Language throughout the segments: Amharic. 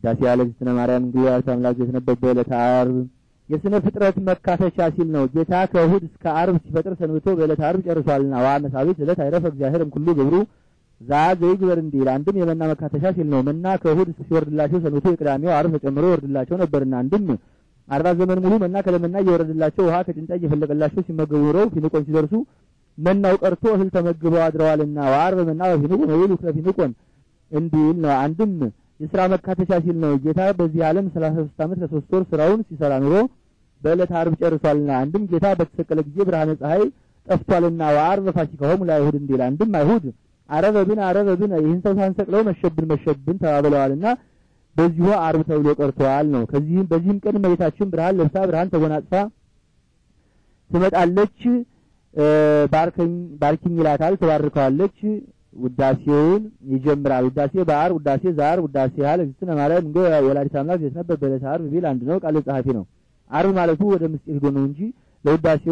ቅዳሴ ስነ ማርያም እንግሊዝ አምላክ የተነበበ በዕለተ ዓርብ የስነ ፍጥረት መካተቻ ሲል ነው። ጌታ ከእሑድ እስከ ዓርብ ሲፈጥር ሰንብቶ በዕለተ ዓርብ ጨርሷልና ዋመሳቤት ዕለት አይረፈ እግዚአብሔርም ኩሉ ግብሩ ዛ ግበር እንዲህ አንድም የመና መካተቻ ሲል ነው። መና ከእሑድ ሲወርድላቸው ሰንብቶ የቅዳሜው ዓርብ ተጨምሮ ይወርድላቸው ነበርና አንድም አርባ ዘመን ሙሉ መና ከለመና እየወረደላቸው ውሃ ከጭንጫ እየፈለቀላቸው ሲመገቡ ኑረው ፊንቆን ሲደርሱ መናው ቀርቶ እህል ተመግበው አድረዋልና ወአርብ መና በፊንቆን ወይሉ ከፊንቆን እንዲል ነው። አንድም የስራ መካተቻ ሲል ነው ጌታ በዚህ ዓለም 33 ሶስት ዓመት ከሶስት ወር ስራውን ሲሰራ ኑሮ በዕለት አርብ ጨርሷልና አንድም ጌታ በተሰቀለ ጊዜ ብርሃነ ፀሐይ ጠፍቷልና ወአርበ ፋሲካሆሙ ለአይሁድ እንዲል አንድም አይሁድ አረበብን አረበብን ይህን ሰው ሳንሰቅለው መሸብን መሸብን ተባብለዋልና በዚሁ አርብ ተብሎ ቀርቷል ነው። ከዚህም በዚህም ቀን መሬታችን ብርሃን ለብሳ ብርሃን ተጎናጽፋ ትመጣለች። ባርከኝ ባርኪኝ ይላታል፣ ትባርከዋለች። ውዳሴውን ይጀምራል። ውዳሴ ባህር፣ ውዳሴ ዛር፣ ውዳሴ ያህል እግዝእትነ ማርያም እንደ ወላዲተ አምላክ ዘትነበብ በዕለተ ዓርብ ቢል አንድ ነው። ቃል ጸሐፊ ነው። ዓርብ ማለቱ ወደ ምስጢር ሂዶ ነው እንጂ ለውዳሴ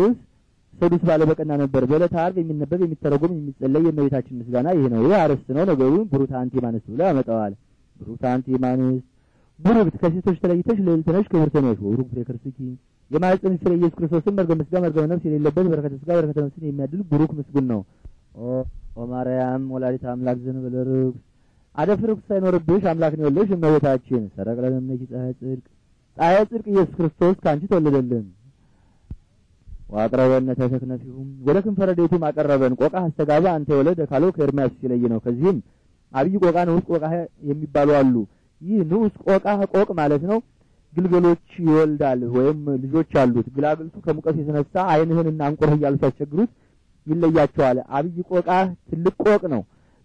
ሰዱስ ባለ በቀና ነበር። በዕለተ ዓርብ የሚነበብ የሚተረጎም፣ የሚጸለይ የእመቤታችን ምስጋና ይህ ነው። ይህ አርዕስት ነው። ነገሩን ብሩታንቲ ማንስት ብሎ ያመጣዋል። ብሩታንቲ ማንስት ቡሩክት ከሴቶች ተለይተሽ ልዕልት ነሽ፣ ክብርት ነሽ። ወቡሩክ ፍሬ ክርስቲኪ የማኅፀንሽ ፍሬ ኢየሱስ ክርስቶስን መርገመ ሥጋ መርገመ ነፍስ የሌለበት በረከተ ሥጋ በረከተ ነፍስን የሚያድል ቡሩክ ምስጉን ነው። ወማርያም ወላዲት አምላክ ዝንብል ርኩስ አደፍርኩ ሳይኖርብሽ አምላክን የወለድሽ እመቤታችን ሰረቅ ለነምነኪ ፀሐየ ጽድቅ ፀሐየ ጽድቅ ኢየሱስ ክርስቶስ ከአንቺ ተወለደልን። ዋቅረበነ ተሸክነፊሁም ወደ ክንፈረዴቱም አቀረበን ቆቃ አስተጋባ አንተ የወለደ ካለው ከኤርምያስ ሲለይ ነው። ከዚህም አብይ ቆቃ፣ ንዑስ ቆቃ የሚባሉ አሉ። ይህ ንዑስ ቆቃ ቆቅ ማለት ነው። ግልገሎች ይወልዳል ወይም ልጆች አሉት። ግላግልቱ ከሙቀት የተነሳ አይንህንና አንቁርህ እያሉ ሲያስቸግሩት ይለያቸዋል። አብይ ቆቃ ትልቅ ቆቅ ነው።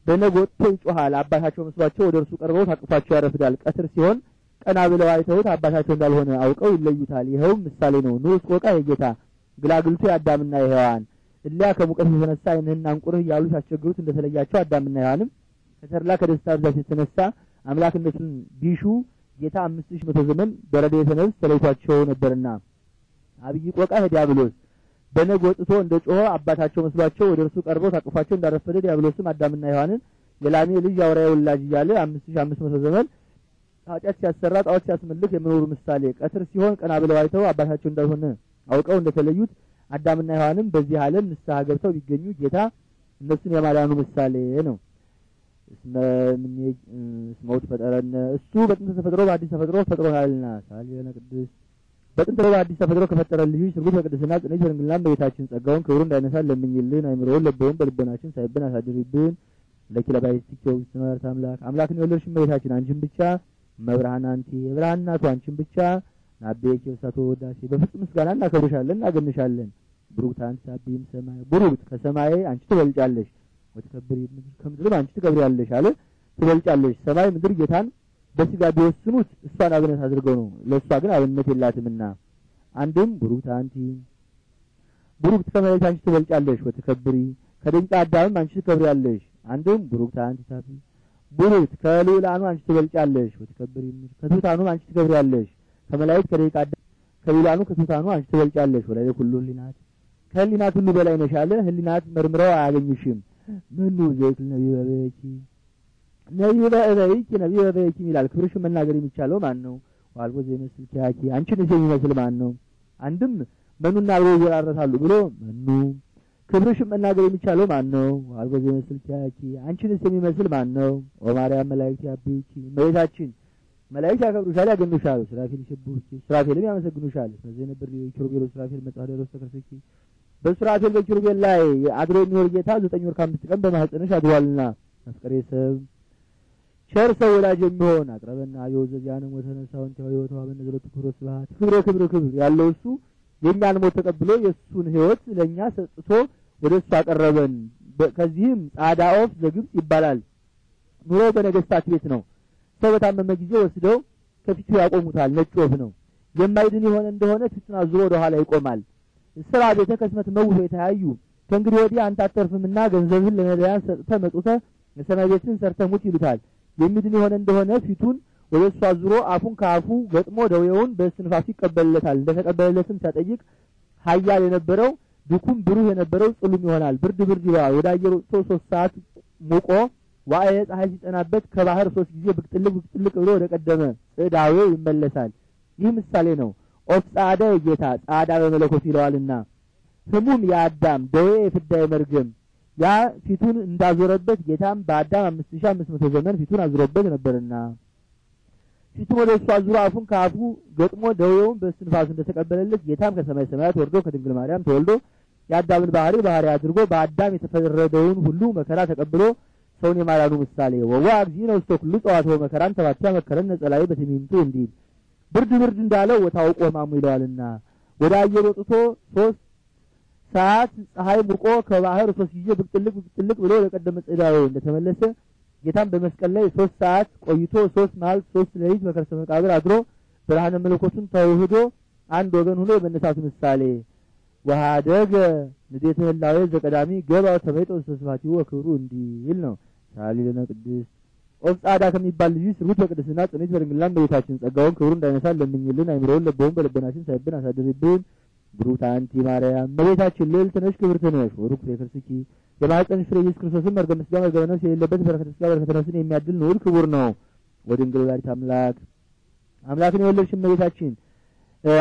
በነጎቶ ይጮኋል። አባታቸው መስሏቸው ወደ እርሱ ቀርበው ታቅፏቸው ያረፍዳል። ቀትር ሲሆን ቀና ብለው አይተውት አባታቸው እንዳልሆነ አውቀው ይለዩታል። ይኸውም ምሳሌ ነው። ንዑስ ቆቃ የጌታ ግላግልቱ የአዳምና የሔዋን እሊያ ከሙቀት የተነሳ ዓይንህና አንቁርህ እያሉ ሲያስቸግሩት እንደተለያቸው አዳምና ሔዋንም ከተርላ ከደስታ ብዛት የተነሳ አምላክነቱን ቢሹ ጌታ አምስት ሺህ መቶ ዘመን በረዴ ነፍስ ተለይቷቸው ነበርና አብይ ቆቃ ዲያብሎስ በነግ ወጥቶ እንደ ጮኸ አባታቸው መስሏቸው ወደ እርሱ ቀርበው ታቅፏቸው እንዳረፈደ ዲያብሎስም አዳምና ሔዋንን የላሜ ልጅ አውራ ወላጅ እያለ አምስት አምስት መቶ ዘመን ኃጢአት ሲያሰራ ጣዖት ሲያስመልክ የመኖሩ ምሳሌ ቀትር ሲሆን ቀና ብለው አይተው አባታቸው እንዳልሆነ አውቀው እንደተለዩት አዳምና ሔዋንም በዚህ ዓለም ንስሐ ገብተው ቢገኙ ጌታ እነሱን የማዳኑ ምሳሌ ነው። እስመ ውእቱ ፈጠረነ እሱ በጥንተ ተፈጥሮ በአዲስ ተፈጥሮ ፈጥሮናልና ሳሌ ቅዱስ በጥንት አዲስ ተፈጥሮ ከፈጠረ ልዩ ስርጉት በቅድስና ጽንዕት በድንግልና በቤታችን ጸጋውን ክብሩ እንዳይነሳን ለምኝልን። አይምሮውን ለበውን በልቦናችን ሳይብን አሳድሪብን። ለኪለባይስቲክቴዎች ስመርት አምላክ አምላክን የወለድሽ እመቤታችን አንቺን ብቻ መብርሃን አንቺ የብርሃን እናቱ አንቺን ብቻ ናቤኪ ወሳቶ ወዳሴ በፍጹም ምስጋና እናከብርሻለን እናገንሻለን። ብሩክት አንቺ ሳቢም ሰማይ ብሩክት ከሰማይ አንቺ ትበልጫለሽ፣ ወትከብሪ ከምድርም አንቺ ትከብሪያለሽ አለ ትበልጫለሽ ሰማይ ምድር ጌታን በስጋ ቢወስኑት እሷን አብነት አድርገው ነው። ለእሷ ግን አብነት የላትምና አንድም ቡሩክት አንቲ ቡሩክት ከመሬት አንቺ ትበልጫለሽ ወትከብሪ ከድንቅ አዳምም አንቺ ትከብሪያለሽ። አንድም ቡሩክት አንቲ ታፊ ቡሩክት ከልዑላኑ አንቺ ትበልጫለሽ ወትከብሪ ከትሑታኑም አንቺ ትከብሪያለሽ። ከመላእክት ከደቂቅ አዳም ከልዑላኑ ከትሑታኑ አንቺ ትበልጫለሽ። ወላዴ ሁሉ ህሊናት ከህሊናት ሁሉ በላይ ነሽ አለ። ህሊናት መርምረው አያገኙሽም። መኑ ዘይክል ነቢበበኪ ነቢበ እበይኪ ነቢበ እበይኪም ይላል። ክብርሽን መናገር የሚቻለው ማን ነው? ዋልቦ ዘይመስል ኪያኪ አንቺንስ የሚመስል ማን ነው? አንድም መኑና አብረው ይወራረሳሉ ብሎ መኑ። ክብርሽ መናገር የሚቻለው ማን ነው? ዋልቦ ዘይመስል ኪያኪ አንቺንስ የሚመስል ማን ነው? ኦ ማርያም መላእክት ያብዩኪ እመቤታችን መላእክት ያከብሩሻል፣ ያገኙሻል። ስራፊል ይስብሁኪ ስራፊልም ያመሰግኑሻል። ስለዚህ ነበር ኪሩቤል ስራፊል መጻደር ውስጥ ተከፍኪ በስራፊል በኪሩቤል ላይ አድሮ የሚኖር ጌታ ዘጠኝ ወር ከአምስት ቀን በማህፀንሽ አድሯልና መስቀሬ ሰብ ቸር ሰው ወላጅ የሚሆን አቅረበና የወዘዚያንም ወተነሳውን ተው ህይወቱ አበነ ዘሎቱ ክብሮ ስብሐት ክብረ ክብረ ክብር ያለው እሱ የእኛን ሞት ተቀብሎ የእሱን ህይወት ለእኛ ሰጥቶ ወደ እሱ አቀረበን። ከዚህም ጻዳ ኦፍ ዘግብፅ ይባላል። ኑሮ በነገስታት ቤት ነው። ሰው በታመመ ጊዜ ወስደው ከፊቱ ያቆሙታል። ነጭ ወፍ ነው። የማይድን የሆነ እንደሆነ ፊቱን አዙሮ ወደ ኋላ ይቆማል። ስራ ቤተ ከስመት መውቶ የተያዩ ከእንግዲህ ወዲህ አንተ አተርፍምና ገንዘብህን ለነዳያን ሰጥተህ መጡተህ የሰማይ ቤትን ሰርተህ ሙት ይሉታል። የሚድን የሆነ እንደሆነ ፊቱን ወደ እሱ አዙሮ አፉን ከአፉ ገጥሞ ደዌውን በስንፋሱ ይቀበልለታል። እንደተቀበለለትም ሲያጠይቅ ሀያል የነበረው ድኩም ብሩህ የነበረው ጽሉም ይሆናል። ብርድ ብርድ ይለዋል። ወደ አየር ወጥቶ ሶስት ሰዓት ሙቆ ዋእየ ፀሐይ ሲጠናበት ከባህር ሶስት ጊዜ ብቅጥልቅ ብቅጥልቅ ብሎ ወደ ቀደመ ይመለሳል። ይህ ምሳሌ ነው። ኦፍ ጻዳ የጌታ ጻዳ በመለኮት ይለዋልና ህሙም የአዳም ደዌ የፍዳ የመርገም ያ ፊቱን እንዳዞረበት ጌታም በአዳም አምስት ሺህ አምስት መቶ ዘመን ፊቱን አዙሮበት ነበርና ፊቱ ወደ እሱ አዙሮ አፉን ከአፉ ገጥሞ ደዌውን በእስትንፋሱ እንደተቀበለለት ጌታም ከሰማይ ሰማያት ወርዶ ከድንግል ማርያም ተወልዶ የአዳምን ባህሪ ባህሪ አድርጎ በአዳም የተፈረደውን ሁሉ መከራ ተቀብሎ ሰውን የማዳኑ ምሳሌ ወዋ እግዚእነ ውስተ ኩሉ ጸዋትወ መከራን ተባቻ መከረን ነጸላዊ በትዕሚንቱ እንዲል ብርድ ብርድ እንዳለው ወታውቆ ማሙ ይለዋልና ወደ አየር ወጥቶ ሶስት ሰዓት ፀሐይ ሙቆ ከባህር ሶስት ጊዜ ብቅ ጥልቅ ብሎ ለቀደመ ጽዳው እንደተመለሰ ጌታም በመስቀል ላይ ሶስት ሰዓት ቆይቶ ሶስት መዓልት ሶስት ሌሊት በከርሰ መቃብር አድሮ ብርሃነ መለኮቱን ተውህዶ አንድ ወገን ሆኖ የመነሳቱ ምሳሌ ወሃደገ ንዴተ ህላዊ ዘቀዳሚ ገባው ተመይጦ ስስማቲ ወክብሩ እንዲል ነው። ሳሊ ለነ ቅድስት ኦፍጻዳ ከሚባል ልጅ ስሩት በቅድስና ጽኑት በድንግልና እመቤታችን ጸጋውን ክብሩ እንዳይነሳ ለምኝልን። አይምሮውን ለበውን በልቦናችን ሳይብን አሳድርብን። ብሩክት አንቲ ማርያም እመቤታችን ልዕልት ነሽ ክብርት ነሽ ወሩክ ፍሬክርስኪ የማኅፀንሽ ፍሬ ኢየሱስ ክርስቶስን መርገመ ሥጋ መርገመ ነፍስ የሌለበት በረከተ ሥጋ በረከተ ነፍስን የሚያድል ንዑድ ክቡር ነው። ወድንግል ወላዲተ አምላክ አምላክን የወለድሽ እመቤታችን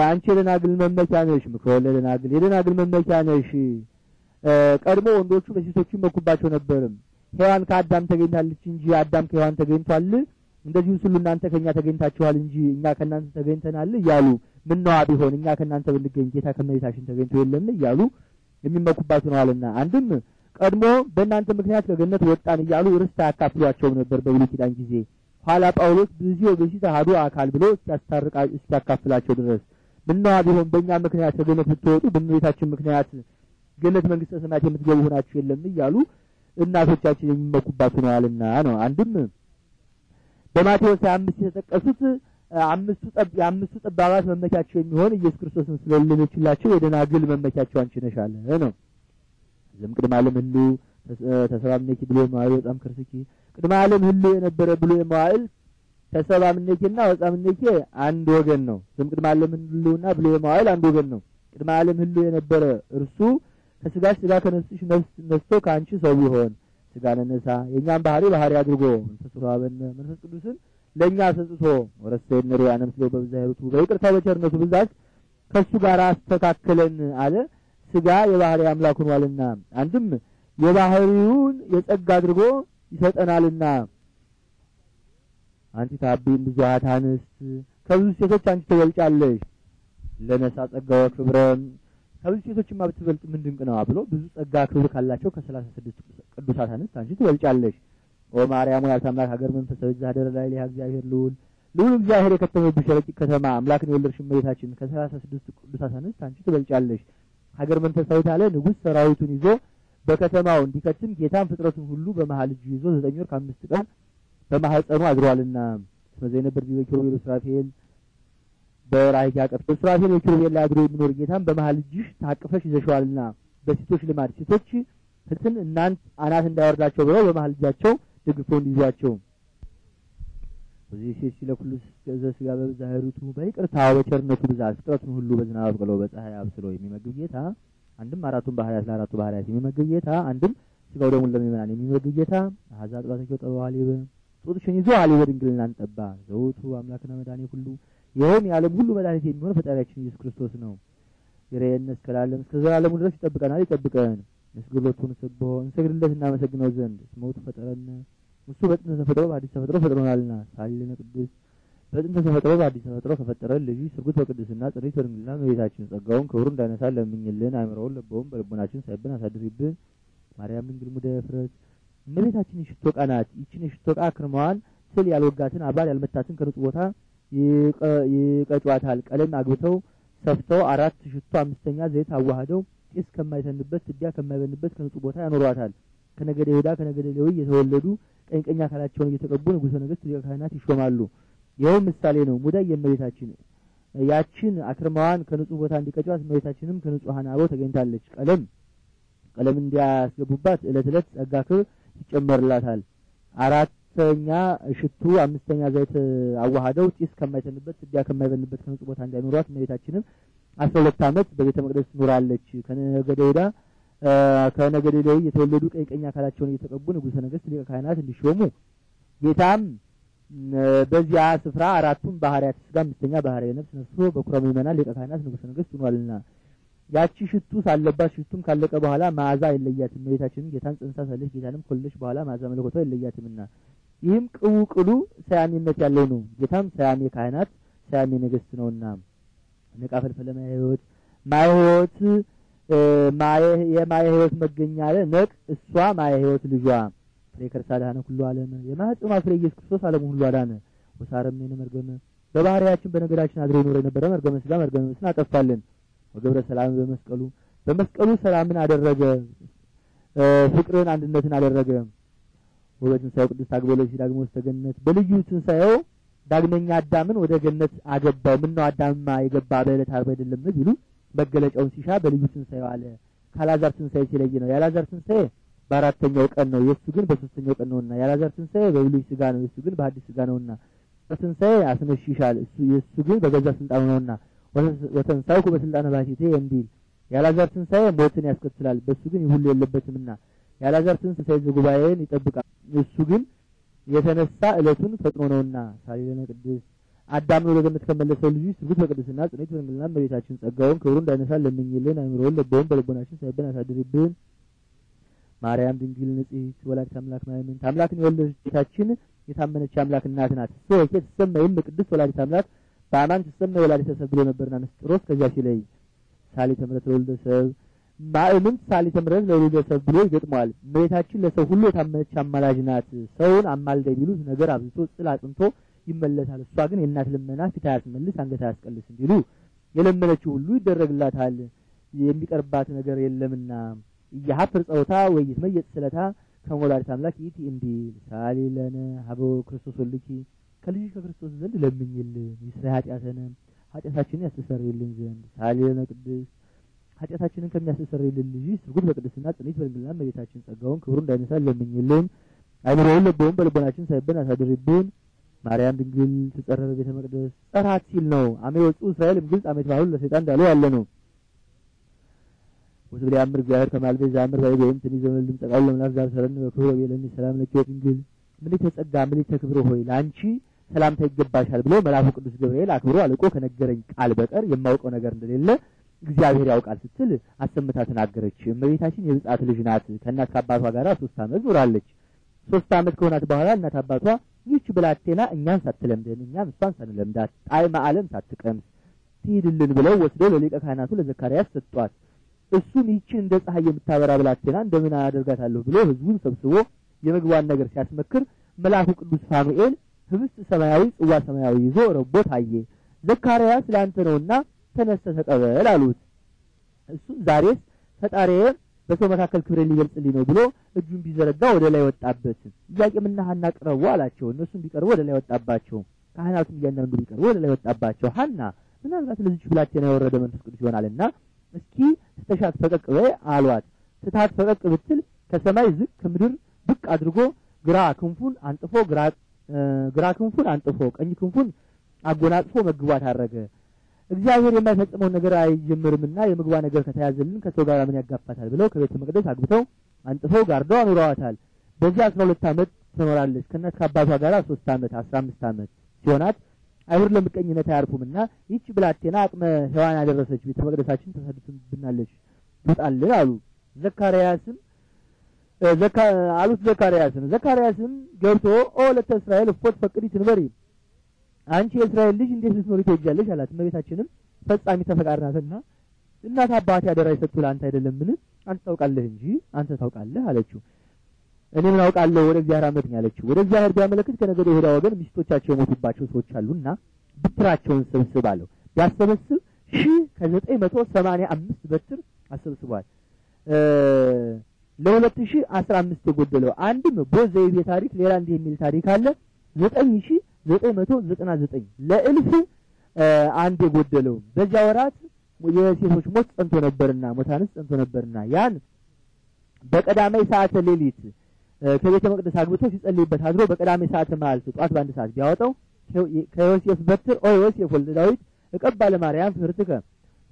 አንቺ የደናግል መመኪያ ነሽ። ምክረ ወልደ ደናግል የደናግል መመኪያ ነሽ። ቀድሞ ወንዶቹ በሴቶቹ ይመኩባቸው ነበርም። ሔዋን ከአዳም ተገኝታለች እንጂ አዳም ከሔዋን ተገኝቷል። እንደዚሁም ሁሉ እናንተ ከእኛ ተገኝታችኋል እንጂ እኛ ከእናንተ ተገኝተናል እያሉ ምነዋ ቢሆን እኛ ከእናንተ ብንገኝ ጌታ ከመሬታችን ተገኝቶ የለን እያሉ የሚመኩባት ሆነዋልና አንድም ቀድሞ በእናንተ ምክንያት ከገነት ወጣን እያሉ ርስት አያካፍሏቸውም ነበር በብሉይ ኪዳን ጊዜ። ኋላ ጳውሎስ ብዚዮ ብዚ ተሃዱ አካል ብሎ እስኪያካፍላቸው ድረስ ምነዋ ቢሆን በእኛ ምክንያት ከገነት ብትወጡ በመሬታችን ምክንያት ገነት መንግሥተ ሰማያት የምትገቡ ሆናችሁ የለም እያሉ እናቶቻችን የሚመኩባት ሆነዋልና ነው። አንድም በማቴዎስ አምስት የተጠቀሱት አምስቱ ጠብ የአምስቱ ጠባባት መመኪያቸው የሚሆን ኢየሱስ ክርስቶስ ስለሌለችላቸው የደናግል መመኪያቸው አንቺ ነሽ አለ ነው። ዝም ቅድመ ዓለም ሁሉ ተሰባምነኪ ብሎ የመዋዕል ወጣም ክርስኪ ቅድመ ዓለም ሁሉ የነበረ ብሎ የመዋዕል ተሰባምነኪና ወጣምነኪ አንድ ወገን ነው። ዝም ቅድመ ዓለም ሁሉና ብሎ የመዋዕል አንድ ወገን ነው። ቅድመ ዓለም ሁሉ የነበረ እርሱ ከስጋሽ ስጋ ከነፍስሽ ነፍስ ነስቶ ከአንቺ ሰው ይሆን ስጋ ነነሳ የእኛም ባህሪ ባህሪ አድርጎ መንፈስ ቅዱስን ለእኛ አሰጽቶ ወረሰይን ነሪያን ምስለው በብዛ ሄሩቱ በይቅርታው በቸርነቱ ብዛት ከሱ ጋር አስተካከለን አለ። ስጋ የባህሪ አምላክ ሆኗልና አንድም የባህሪውን የጸጋ አድርጎ ይሰጠናልና አንቲ ታቢም ብዙሃት አንስት ከብዙ ሴቶች አንቺ ትበልጫለሽ። ለነሳ ጸጋው ክብረ ከብዙ ሴቶችማ ብትበልጥ ምን ድንቅ ነው ብሎ ብዙ ጸጋ ክብር ካላቸው ከሰላሳ ስድስት ቅዱሳት አንስት አንቺ ትበልጫለሽ። ኦ ማርያም ሆይ አልታምላክ ሀገር መንፈሳዊ ዛደረ ላይ ሊያ እግዚአብሔር ልውል ልውል እግዚአብሔር የከተመብሽ ረቂቅ ከተማ አምላክን የወለድሽ እመቤታችን ከሰላሳ ስድስት ቅዱሳት አንስት አንቺ ትበልጫለሽ። ሀገር መንፈሳዊት አለ ንጉሥ ሰራዊቱን ይዞ በከተማው እንዲከትም ጌታን ፍጥረቱን ሁሉ በመሀል እጁ ይዞ ዘጠኝ ወር ከአምስት ቀን በማህፀኑ አድሯልና ስመዘ ነበር ጊዜ ኪሩቤል ሱራፌል በራእይ ያቀፍ ሱራፌል የኪሩቤል ላይ አድሮ የሚኖር ጌታን በመሀል እጅሽ ታቅፈሽ ይዘሸዋልና በሴቶች ልማድ ሴቶች ህትን እናንት አናት እንዳያወርዳቸው ብለው በመሀል እጃቸው ደግፎ እንዲይዟቸውም በዚህ ሴት ስለ ሁሉ ዘስጋ በዛህሩቱ በይቅርታው በቸርነቱ ብዛት ፍጥረቱን ሁሉ በዝናብ አብቅሎ በፀሐይ አብስሎ የሚመግብ ጌታ አንድም አራቱን ባህሪያት ለአራቱ ባህሪያት የሚመግብ ጌታ አንድም ስጋው ደሙን ለሚመናን የሚመግብ ጌታ አሕዛ ጥባታቸው ጠበዋል ይበ ጡትሽን ይዞ አሊበ ድንግልናን ጠባ ዘውቱ አምላክና መድኃኒ ሁሉ ይኸውም የዓለም ሁሉ መድኃኒት የሚሆን ፈጣሪያችን ኢየሱስ ክርስቶስ ነው። ይሬን እስከ ለዓለም እስከ ዘላለሙ ድረስ ይጠብቀናል ይጠብቀን። ምስግሎቱን ስቦ እንሰግድለት እናመሰግነው ዘንድ ስመውቱ ፈጠረን እሱ በጥንተ ተፈጥሮ በአዲስ ተፈጥሮ ፈጥሮናልና ሳልነ ቅዱስ በጥንተ ተፈጥሮ በአዲስ ተፈጥሮ ከፈጠረን ልጅ ስርጉት በቅድስና ጥሪት በድንግልና መቤታችን ጸጋውን ክብሩ እንዳይነሳ ለምኝልን። አይምረውን ለበውን በልቦናችን ሳይብን አሳድሪብን። ማርያም ድንግል ሙደ ፍረት እመቤታችን የሽቶ ዕቃ ናት። ይችን የሽቶ ቃ ክርማዋን ስል ያልወጋትን አባል ያልመታትን ከንጹህ ቦታ ይቀጫዋታል። ቀለም አግብተው ሰፍተው አራት ሽቶ አምስተኛ ዘይት አዋህደው ጢስ ከማይሰንበት ትቢያ ከማይበንበት ከንጹህ ቦታ ያኖሯታል። ከነገደ ይሁዳ ከነገደ ሌዊ እየተወለዱ ቀኝ ቀኝ አካላቸውን እየተቀቡ ንጉሠ ነገሥት ሊቀ ካህናት ይሾማሉ። ይኸውም ምሳሌ ነው። ሙዳይ የእመቤታችን ያችን አክርማዋን ከንጹህ ቦታ እንዲቀጫት እመቤታችንም ከንጹሐን አበው ተገኝታለች። ቀለም ቀለም እንዲያስገቡባት እለት እለት ጸጋ ክብር ይጨመርላታል። አራተኛ ሽቱ፣ አምስተኛ ዘይት አዋሃደው ጢስ ከማይተንበት ትቢያ ከማይበንበት ከንጹህ ቦታ እንዲያኖሯት እመቤታችንም አስራ ሁለት ዓመት በቤተ መቅደስ ኑራለች። ከነገደ ይሁዳ ከነገደ ሌዊ የተወለዱ ቀኝ ቀኝ አካላቸውን እየተቀቡ ንጉሠ ነገሥት ሊቀ ካህናት እንዲሾሙ ጌታም በዚያ ስፍራ አራቱን ባህሪያት ስጋ አምስተኛ ባህሪያት ነፍስ ነፍሶ በኩረ ምእመናን ሊቀ ካህናት ንጉሠ ነገሥት ሆኗልና ያቺ ሽቱ ሳለባት ሽቱም ካለቀ በኋላ መዓዛ አይለያትም። እመቤታችንም ጌታን ጽንሳ ሳለች ጌታንም ከወለደች በኋላ መዓዛ መለኮቷ አይለያትምና ይህም ቅቡ ቅሉ ሰያሜነት ያለው ነው። ጌታም ሰያሜ ካህናት ሰያሜ ነገሥት ነውና ነቃፈልፈለ ማየ ህይወት ማየ ህይወት የማየ ህይወት መገኛ አለ ነቅ እሷ ማየ ህይወት ልጇ ፍሬ ከርሳ ዳነ ሁሉ አለነ የማህፀኗ ፍሬ ኢየሱስ ክርስቶስ ዓለሙ ሁሉ አዳነ ወሳረም የነ መርገመ በባህሪያችን በነገራችን አድሮ ይኖር የነበረ መርገመ ስጋ መርገመ ስን አጠፋልን ወገብረ ሰላም በመስቀሉ በመስቀሉ ሰላምን አደረገ ፍቅርን አንድነትን አደረገ ወበትንሳኤው ቅዱስ አግበሎ ዳግሞ ተገነት በልዩ ትንሳኤው ዳግመኛ አዳምን ወደ ገነት አገባው። ምነው አዳምማ የገባ በዕለት ዓርብ አይደለም ቢሉ መገለጫውን ሲሻ በልዩ ትንሣኤው አለ። ካላዛር ትንሣኤ ሲለይ ነው። ያላዛር ትንሣኤ በአራተኛው ቀን ነው፣ የእሱ ግን በሶስተኛው ቀን ነውና። ያላዛር ትንሣኤ በብሉይ ሥጋ ነው፣ የእሱ ግን በሐዲስ ሥጋ ነውና። ትንሣኤ አስነሽ ይሻል፣ የእሱ ግን በገዛ ስልጣኑ ነውና። ወተንሳውኩ በስልጣነ ባሕቲቴ እንዲል ያላዛር ትንሣኤ ሞትን ያስከትላል፣ በእሱ ግን ይሁሉ የለበትምና። ያላዛር ትንሣኤ ዘጉባኤን ይጠብቃል፣ እሱ ግን የተነሳ እለቱን ፈጥኖ ነውና ሳሊለነ ቅዱስ አዳም ነው ለገነት ከመለሰው ልጅ ስርጉት በቅድስና ጽኔት በድንግልና እመቤታችን ጸጋውን ክብሩ እንዳይነሳ ለምኝልን። አይምሮውን ለቦውን በልቦናችን ሳይበን አሳድርብን። ማርያም ድንግል ንጽሕት ወላዲተ አምላክ ማርያምን ታምላክን የወለደች ቤታችን የታመነች አምላክ እናት ናት። ሰዎች የተሰማይም ቅድስት ወላዲተ አምላክ በአማን ተሰማይ ወላዲተ ሰብ ብሎ ነበርና ንስጥሮስ ከዚያ ሲለይ ሳሌ ተምረት ለወልደ ሰብ ማእምንት ሳሊተ ምሕረት ለውሉደ ሰብ ብሎ ይገጥመዋል። እመቤታችን ለሰው ሁሉ የታመነች አማላጅ ናት። ሰውን አማልደኝ ቢሉት ነገር አብዝቶ ጽል አጽንቶ ይመለሳል። እሷ ግን የእናት ልመና ፊት አያስመልስ አንገት አያስቀልስ እንዲሉ የለመነችው ሁሉ ይደረግላታል፣ የሚቀርባት ነገር የለምና እያሀፍር ጸውታ ወይት መየጥ ስለታ ከሞላድ አምላክ ይት እንዲል ሳሊ ለነ ሀበው ክርስቶስ ወልኪ ከልጅ ከክርስቶስ ዘንድ ለምኝልን ይስራ ኃጢአተነ ኃጢአታችንን ያስተሰርይልን ዘንድ ሳሊ ለነ ቅድስት ኃጢአታችንን ከሚያስተሰርይልን ልዩ ስርጉት በቅድስና ጽኒት በድንግልና እመቤታችን ጸጋውን ክብሩ እንዳይነሳ ለምኝልን። አይምሮውን ለቦውን በልቦናችን ሳይበን አሳድርብን። ማርያም ድንግል ትጸረበ በቤተ መቅደስ ጸራት ሲል ነው። አሜ ወጡ እስራኤል ግልጽ አሜት ባሉ ለሰይጣን እንዳለ ያለ ነው። ወስብሊ አምር እግዚአብሔር ከማልቤ ዛምር ባይ ወይም ትኒ ዘመን ልምጠቃሉ ለምላፍ ዛር ሰረን በክብሮ ቤለኒ ሰላም ለኪ ድንግል ምልዕተ ጸጋ ምልዕተ ክብር ሆይ ለአንቺ ሰላምታ ይገባሻል ብሎ መልአኩ ቅዱስ ገብርኤል አክብሮ አልቆ ከነገረኝ ቃል በቀር የማውቀው ነገር እንደሌለ እግዚአብሔር ያውቃል ስትል አሰምታ ተናገረች። እመቤታችን የብጻት ልጅ ናት። ከእናት ከአባቷ ጋር ሶስት ዓመት ኖራለች። ሶስት ዓመት ከሆናት በኋላ እናት አባቷ ይህች ብላቴና እኛን ሳትለምደን እኛም እሷን ሳንለምዳት ጣዕመ ዓለም ሳትቀምስ ትሂድልን ብለው ወስደው ለሊቀ ካህናቱ ለዘካርያስ ሰጧት። እሱም ይቺ እንደ ፀሐይ የምታበራ ብላቴና እንደምን አደርጋታለሁ ብሎ ህዝቡን ሰብስቦ የምግቧን ነገር ሲያስመክር መልአኩ ቅዱስ ፋኑኤል ህብስት ሰማያዊ፣ ጽዋ ሰማያዊ ይዞ ረቦ ታየ። ዘካርያስ ለአንተ ነውና ተነስተ ተቀበል አሉት። እሱም ዛሬስ ፈጣሪ በሰው መካከል ክብሬ ሊገልጽልኝ ነው ብሎ እጁን ቢዘረጋ ወደ ላይ ወጣበት። ምን ሐና ቅረቡ አላቸው። እነሱም ቢቀርቡ ወደ ላይ ወጣባቸው። ካህናቱም እያንዳንዱ ቢቀርቡ ወደ ላይ ወጣባቸው። ሐና ምናልባት ለዚች ብላቴና የወረደ መንፈስ ቅዱስ ይሆናልና እስኪ ስተሻት ፈቀቅ በይ አሏት። ስታት ፈቀቅ ብትል ከሰማይ ዝቅ ከምድር ብቅ አድርጎ ግራ ክንፉን አንጥፎ ግራ ክንፉን አንጥፎ ቀኝ ክንፉን አጎናጥፎ መግቧት አረገ። እግዚአብሔር የማይፈጽመውን ነገር አይጀምርምና የምግባ ነገር ከተያዘልን ከሰው ጋር ምን ያጋፋታል ብለው ከቤተ መቅደስ አግብተው አንጥፈው ጋርደው አኑረዋታል። በዚህ አስራ ሁለት ዓመት ትኖራለች። ከእናት ከአባቷ ጋር ሶስት ዓመት አስራ አምስት ዓመት ሲሆናት አይሁድ ለምቀኝነት አያርፉምና ይቺ ብላቴና አቅመ ሔዋን ያደረሰች ቤተ መቅደሳችን ተሰድብናለች፣ ትውጣልን አሉ። ዘካርያስም አሉት ዘካርያስን ዘካርያስም ገብቶ ኦ ለተ እስራኤል እፎት ፈቅዲ ትንበሪ አንቺ የእስራኤል ልጅ እንዴት ልትኖሪ ትወጃለሽ? አላት። እመቤታችንም ፈጻሚ ተፈቃር ናትና እናት አባት ያደራ የሰጡ ለአንተ አይደለምን? አንተ ታውቃለህ እንጂ አንተ ታውቃለህ አለችው። እኔ ምን አውቃለሁ? ወደ እግዚአብሔር አመድኝ አለችው። ወደ እግዚአብሔር ቢያመለክት ከነገደ ይሁዳ ወገን ሚስቶቻቸው የሞቱባቸው ሰዎች አሉና ብትራቸውን ሰብስብ አለው። ቢያሰበስብ ሺህ ከዘጠኝ መቶ ሰማንያ አምስት በትር አሰብስቧል። ለሁለት ሺህ አስራ አምስት የጎደለው አንድም ቦዘይቤ ታሪክ ሌላ እንዲህ የሚል ታሪክ አለ። ዘጠኝ ሺህ ዘጠኝ መቶ ዘጠና ዘጠኝ ለእልፍ አንድ የጎደለው በዚያ ወራት የሴቶች ሞት ጸንቶ ነበርና ሞታንስ ጸንቶ ነበርና ያን በቀዳማይ ሰዓተ ሌሊት ከቤተ መቅደስ አግብቶ ሲጸልይበት አድሮ በቀዳማይ ሰዓተ መዓልት ጧት በአንድ ሰዓት ቢያወጣው ከዮሴፍ በትር ኦ ዮሴፍ ወልደ ዳዊት እቀባ ማርያም ፍርትከ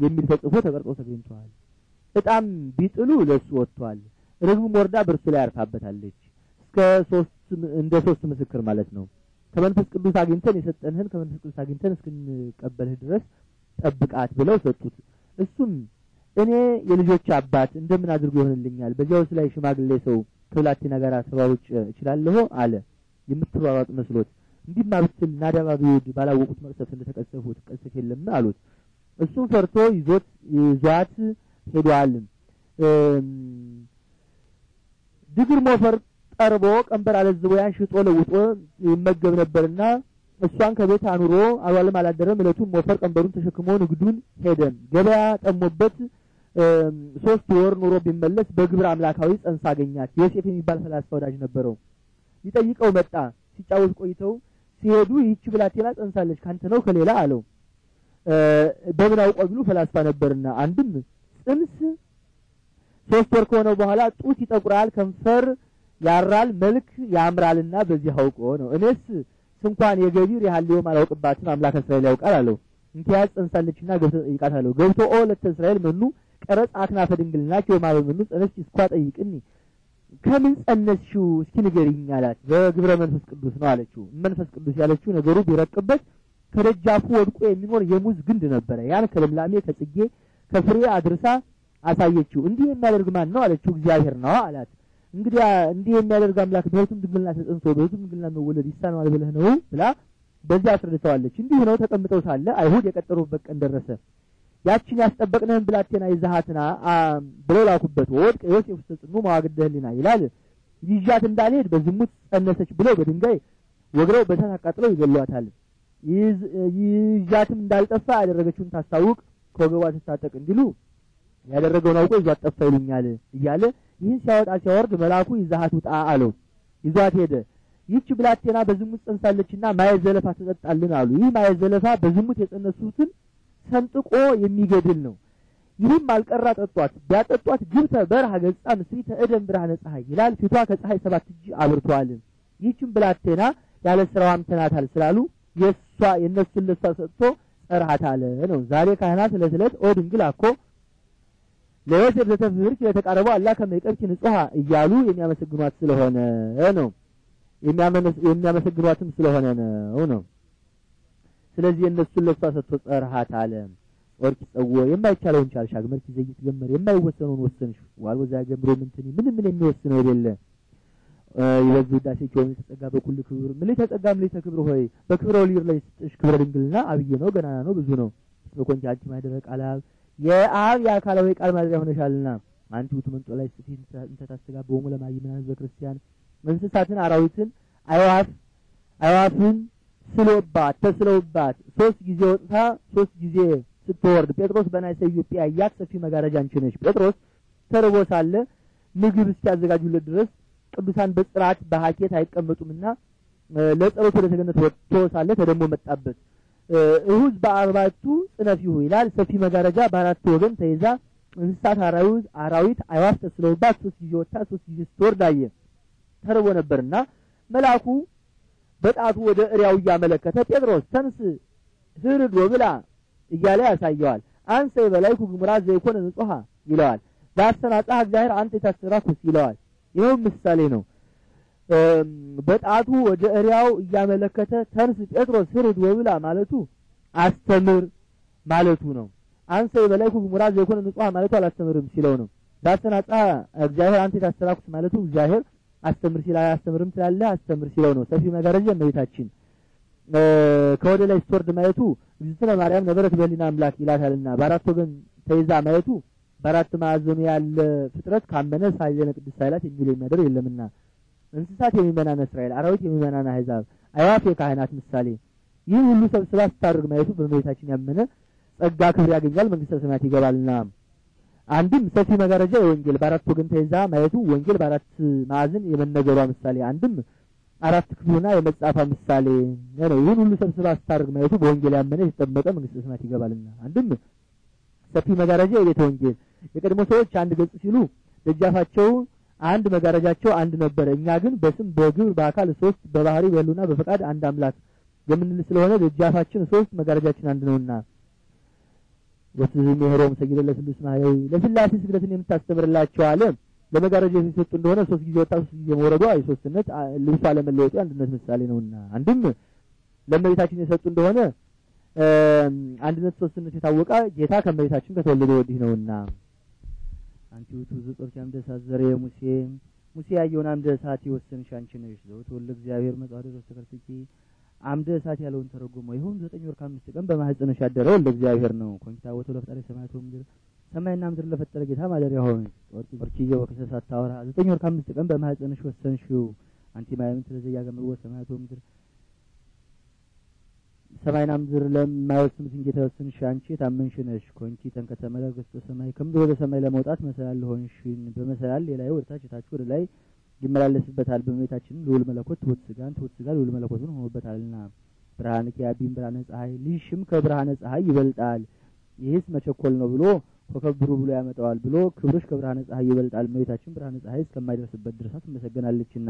የሚል ተጽፎ ተቀርጾ ተገኝቷል። እጣም ቢጥሉ ለሱ ወጥቷል። ርግብም ወርዳ በእርሱ ላይ አርፋበታለች። እስከ ሶስት እንደ ሶስት ምስክር ማለት ነው። ከመንፈስ ቅዱስ አግኝተን የሰጠንህን ከመንፈስ ቅዱስ አግኝተን እስክንቀበልህ ድረስ ጠብቃት ብለው ሰጡት። እሱም እኔ የልጆች አባት እንደምን አድርጎ ይሆንልኛል? በዚያውስ ላይ ሽማግሌ ሰው ከብላቴና ጋር ተሯሩጭ እችላለሁ አለ። የምትሯሯጥ መስሎት እንዲህማ ብትል ናዳባ ቢውድ ባላወቁት መቅሰፍት እንደተቀሰፉ ትቀሰፍ የለም አሉት። እሱም ፈርቶ ይዞት ይዟት ሄዷል። ድግር ሞፈር ቀርቦ ቀንበር አለዝቦ ያን ሽጦ ለውጦ ይመገብ ነበርና እሷን ከቤት አኑሮ አሏልም አላደረም። እለቱን ሞፈር ቀንበሩን ተሸክሞ ንግዱን ሄደ። ገበያ ጠሞበት ሶስት ወር ኑሮ ቢመለስ በግብር አምላካዊ ጸንሳ አገኛት። ዮሴፍ የሚባል ፈላስፋ ወዳጅ ነበረው። ሊጠይቀው መጣ። ሲጫወት ቆይተው ሲሄዱ ይህቺ ብላቴና ጸንሳለች ካንተ ነው ከሌላ አለው። በምን አውቀ ቢሉ ፈላስፋ ነበርና፣ አንድም ጽንስ ሶስት ወር ከሆነው በኋላ ጡት ይጠቁራል፣ ከንፈር ያራል መልክ ያምራልና በዚህ አውቆ ነው። እኔስ ስንኳን የገቢር የሀሌው አላውቅባትም አምላክ እስራኤል ያውቃል አለው። እንኪያስ ጸንሳለችና ጠይቃት አለው። ገብቶ ኦ ለተ እስራኤል መኑ ቀረጽ አክናፈ ድንግልናኪ ወማበምኑ ጸነስች እስኳ ጠይቅኒ ከምን ጸነስሽው እስኪ ንገሪኝ አላት። በግብረ መንፈስ ቅዱስ ነው አለችው። መንፈስ ቅዱስ ያለችው ነገሩ ቢረቅበት ከደጃፉ ወድቆ የሚኖር የሙዝ ግንድ ነበረ። ያን ከልምላሜ ከጽጌ ከፍሬ አድርሳ አሳየችው። እንዲህ የሚያደርግ ማን ነው አለችው። እግዚአብሔር ነው አላት። እንግዲያ እንዲህ የሚያደርግ አምላክ በሕቱም ድንግልና ተጸንሶ በሕቱም ድንግልና መወለድ ይሳነዋል ብለህ ነው ብላ በዚያ አስረድተዋለች። እንዲህ ነው ተቀምጠው ሳለ አይሁድ የቀጠሩበት ቀን ደረሰ። ያችን ያስጠበቅንህን ብላቴና ይዛሃትና ብለው ላኩበት። ወድቅ ዮሴፍ ተጽኑ ማዋግደህልና ይላል። ይዣት እንዳልሄድ በዝሙት ጸነሰች ብለው በድንጋይ ወግረው በእሳት አቃጥለው ይገሏታል። ይዣትም እንዳልጠፋ ያደረገችውን ታስታውቅ ከወገቧ ትታጠቅ እንዲሉ ያደረገውን አውቆ ይዟት ጠፋ ይሉኛል እያለ ይህን ሲያወጣ ሲያወርድ መልአኩ ይዛሃት ውጣ አለው። ይዟት ሄደ። ይህች ብላቴና በዝሙት ጸንሳለችና ማየት ዘለፋ ትጠጣልን አሉ። ይህ ማየት ዘለፋ በዝሙት የጸነሱትን ሰንጥቆ የሚገድል ነው። ይህም አልቀራ ጠጧት። ቢያጠጧት ግብተ በረሃ ገጻ ምስሪተ እደን ብርሃነ ፀሐይ ይላል። ፊቷ ከፀሐይ ሰባት እጅ አብርቷል። ይህችን ብላቴና ያለ ስራዋም ተናታል ስላሉ የእሷ የእነሱን ለእሷ ሰጥቶ ጸርሃት ነው። ዛሬ ካህናት ዕለት ዕለት ኦ ድንግል አኮ ለዮሴፍ ዘተፍርክ የተቃረበው አላ ከመይቀብች ንጹሐ እያሉ የሚያመሰግኗት ስለሆነ ነው። የሚያመሰግኗትም ስለሆነ ነው ነው። ስለዚህ እነሱን ለሷ ሰጥቶ ጸርሃት አለ ወርቅ ጸወ የማይቻለውን ቻልሽ አግመርኪ ዘይት ጀመር የማይወሰነውን ወሰንሽ ዋል ወዛ ገምሮ ምንትን ምን ምን የሚወስነው የሌለ ይበዙ ዳሴ ኪሆን የተጸጋ በኩል ክብር ምን ተጸጋ ምን ተክብር ሆይ በክብረ ወሊር ላይ ስጥሽ ክብረ ድንግልና አብይ ነው ገናና ነው ብዙ ነው በኮንቻ አጅ ማይደረቅ አላል የአብ የአካላዊ ቃል ማደሪያ ሆነሻልና አንቺ ውእቱ ምንጦ ላይ ስቲ እንተ ታስተጋብኦሙ ለማእመናን ህዝበ ክርስቲያን እንስሳትን፣ አራዊትን፣ አይዋፍ አይዋፍን ስለውባት ተስለውባት ሶስት ጊዜ ወጥታ ሶስት ጊዜ ስትወርድ ጴጥሮስ በናይሰ ኢትዮጵያ ያያት ሰፊ መጋረጃ አንቺ ነሽ። ጴጥሮስ ተርቦ ሳለ ምግብ እስኪያዘጋጁለት ድረስ ቅዱሳን በጽራት በሀኬት አይቀመጡምና ለጸሎት ወደ ተገነት ወጥቶ ሳለ ተደሞ መጣበት። እሁድ በአርባቱ ጽነፊሁ ይሁ ይላል። ሰፊ መጋረጃ በአራት ወገን ተይዛ እንስሳት፣ አራዊት አራዊት አይዋፍ ተስለውባት ሶስት ጊዜ ወጥታ ሶስት ጊዜ ስትወርድ አየ። ተርቦ ነበርና መልአኩ በጣቱ ወደ እሪያው እያመለከተ ጴጥሮስ ተንስ ህርድ ብላ እያለ ያሳየዋል። አንሰ የበላይኩ ግሙራ ዘይኮን ንጹሃ ይለዋል። ዛሰናጻህ እግዚአብሔር አንተ የታሰራኩስ ይለዋል። ይኸውም ምሳሌ ነው። በጣቱ ወደ እሪያው እያመለከተ ተንስ ጴጥሮስ ፍርድ ወብላ ማለቱ አስተምር ማለቱ ነው። አንሰ የበላይኩ ሙራዝ የኮነ ንጹሕ ማለቱ አላስተምርም ሲለው ነው። ዳሰናጻ እግዚአብሔር አንተ የታሰራኩት ማለቱ እግዚአብሔር አስተምር ሲል አያስተምርም ስላለ አስተምር ሲለው ነው። ሰፊ መጋረጃ እመቤታችን ከወደ ላይ ስትወርድ ማለቱ እግዝእትነ ማርያም ነበረት በሊና አምላክ ይላታልና በአራት ወገን ተይዛ ማለቱ በአራት ማዕዘኑ ያለ ፍጥረት ካመነ ሳይዘነ ቅዱስ ሳይላት የሚል የሚያደር የለምና እንስሳት የሚመናን እስራኤል፣ አራዊት የሚመናን አሕዛብ፣ አዕዋፍ የካህናት ምሳሌ። ይህ ሁሉ ሰብስባ ስታደርግ ማየቱ በመቤታችን ያመነ ጸጋ ክብር ያገኛል፣ መንግሥተ ሰማያት ይገባልና። አንድም ሰፊ መጋረጃ የወንጌል በአራት ወገን ተይዛ ማየቱ ወንጌል በአራት ማዕዘን የመነገሯ ምሳሌ፣ አንድም አራት ክፍሉና የመጻፏ ምሳሌ ነው። ይህን ሁሉ ሰብስባ ስታደርግ ማየቱ በወንጌል ያመነ የተጠመቀ መንግሥተ ሰማያት ይገባልና። አንድም ሰፊ መጋረጃ የቤተ ወንጌል የቀድሞ ሰዎች አንድ ገጽ ሲሉ ደጃፋቸው አንድ መጋረጃቸው አንድ ነበረ። እኛ ግን በስም በግብር በአካል ሶስት፣ በባህሪ በሕልውና በፈቃድ አንድ አምላክ የምንል ስለሆነ ደጃፋችን ሶስት መጋረጃችን አንድ ነውና ወትዝም የሮም ሰግደ ለስሉስ ማየው ለስላሴ ስግደትን የምታስተምርላቸው አለ። ለመጋረጃ የሚሰጡ እንደሆነ ሶስት ጊዜ ወጣ ሶስት ጊዜ መውረዷ የሶስትነት ልብሷ ለመለወጡ አንድነት ምሳሌ ነውና አንድም ለመሬታችን የሰጡ እንደሆነ አንድነት ሶስትነት የታወቀ ጌታ ከመሬታችን ከተወለደ ወዲህ ነውና አንቺ ውቱ ዝቆብ ያምደሳት ሳዘረ የሙሴ ሙሴ ያየውን አምደ እሳት የወሰንሽ አንቺ ነሽ። ዘውት ወልደ እግዚአብሔር መጽዋደ ሶስተ ከርሥኪ አምደ እሳት ያለውን ተረጎመ። ይሁን ዘጠኝ ወር ከአምስት ቀን በማህፀንሽ ያደረ ወልደ እግዚአብሔር ነው። ኮንኪታ ወቶ ለፍጣሪ ሰማያቶ ምድር ሰማይና ምድር ለፈጠረ ጌታ ማደሪያ ሆንሽ። ወርቂ ወርቂ ወከሰሳት ታወራ ዘጠኝ ወር ከአምስት ቀን በማህፀንሽ ወሰንሽው አንቺ ማየምን ስለዘያ ገምር ወሰማያቶ ምድር ሰማይን ምድር ለማይወስኑትን ጌታ የወሰንሽ አንቺ የታመንሽ ነሽ። ኮንቺ ተንከተ መላክ ውስጥ ሰማይ ከምድር ወደ ሰማይ ለመውጣት መሰላል ሆንሽን። በመሰላል ሌላዊ ወደ ታች የታች ወደ ላይ ይመላለስበታል። በመቤታችን ልዑል መለኮት ትውት ስጋን ትውት ስጋ ልዑል መለኮትን ሆኖበታልና ብርሃን ኪያቢን ብርሃነ ፀሐይ ልሽም ከብርሃነ ፀሐይ ይበልጣል። ይህስ መቸኮል ነው ብሎ ኮከብሩ ብሎ ያመጣዋል ብሎ ክብሮች ከብርሃነ ፀሐይ ይበልጣል። መቤታችን ብርሃነ ፀሐይ እስከማይደርስበት ድረሳት ትመሰገናለችና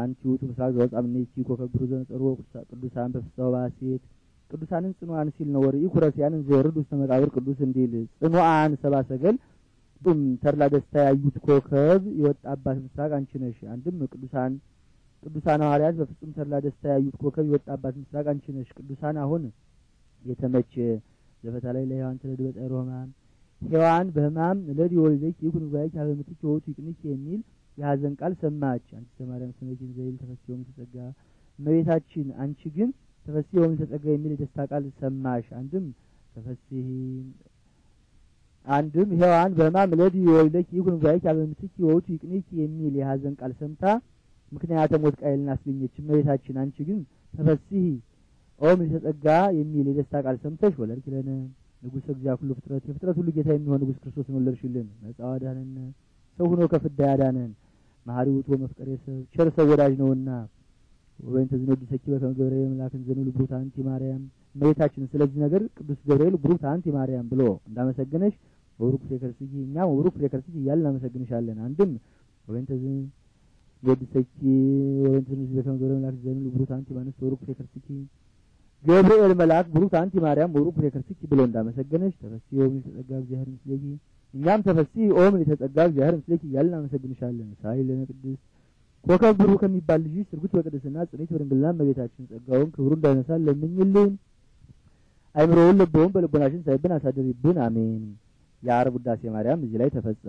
አንቲ ውእቱ ምስራቅ ዘወፃ እምኔቲ ኮከብሩ ዘንጸርዎ ቅዱሳን በፍስሐ ባሴት ቅዱሳንን ጽኑዓን ሲል ነው። ወርኢኩ ረሲያንን ዘወርዱ ውስተ መቃብር ቅዱስ እንዲል ጽኑዓን ሰብአ ሰገል ጡም ተድላ ደስታ ያዩት ኮከብ የወጣባት ምስራቅ አንቺ ነሽ። አንድም ቅዱሳን ቅዱሳን ሐዋርያት በፍጹም ተድላ ደስታ ያዩት ኮከብ የወጣባት ምስራቅ አንቺ ነሽ። ቅዱሳን አሁን የተመች ዘፈታ ላይ ለሔዋን ተለድ በጸሮ ህማም ሔዋን በህማም ለድ ወልዘች ይኩን ባይቻ በምትች ወቱ ይቅንች የሚል የሀዘን ቃል ሰማች። አንቺ ተማርያም ስመኪን ዘይል ተፈስዮም ተጸጋ እመቤታችን አንቺ ግን ተፈስዮም ተጸጋ የሚል የደስታ ቃል ሰማሽ። አንድም ተፈስሂ አንድም ሔዋን በማምለድ የወልደች ይሁን ዛይክ አበምትክ ወውቱ ይቅንክ የሚል የሀዘን ቃል ሰምታ ምክንያተ ሞት ቃየልን አስገኘች። እመቤታችን አንቺ ግን ተፈስሂ ኦም ተጸጋ የሚል የደስታ ቃል ሰምተሽ ወለድኪ ለነ ንጉሥ እግዚአ ሁሉ ፍጥረት የፍጥረት ሁሉ ጌታ የሚሆን ንጉሥ ክርስቶስን ወለድሽልን። ነጻ ዋዳነን ሰው ሆኖ ከፍዳ ያዳነን መሐሪ ውእቱ መፍቀር ሰብ ቸር ሰው ወዳጅ ነውና ወይን ተዝኖ ዲሰኪ በከመ ገብርኤል መላክን ዘኑ ልቡታ አንቲ ማርያም እመቤታችን ስለዚህ ነገር ቅዱስ ገብርኤል ብሩት አንቲ ማርያም ብሎ እንዳመሰገነሽ ወብሩክ ፍሬ ከርስኪ እኛም ወብሩክ ፍሬ ከርስኪ እያልን እናመሰግንሻለን። አንድም ወይን ተዝን ወዲሰኪ ወይን ተዝን በከመ ገብርኤል መልአክን ዘኑ ልቡታ አንቲ ማንስ ወብሩክ ፍሬ ከርስኪ ገብርኤል መልአክ ብሩት አንቲ ማርያም ወብሩክ ፍሬ ከርስኪ ብሎ እንዳመሰገነሽ ተፈስሒ ዮሚ ተጸጋ እግዚአብሔር ምስሌኪ እኛም ተፈሲ ኦም ሊተጸጋ እግዚአብሔር ምስሌክ እያልን አመሰግንሻለን ሳይ ቅድስት ኮከብ ብሩ ከሚባል ልጅ ስርጉት በቅድስና ጽኔት በድንግልና እመቤታችን ጸጋውን ክብሩ እንዳይነሳ ለምኝልን። አይምሮውን ልቦውን በልቦናችን ሳይብን አሳድሪብን። አሜን። የዓርብ ውዳሴ ማርያም እዚህ ላይ ተፈጸመ።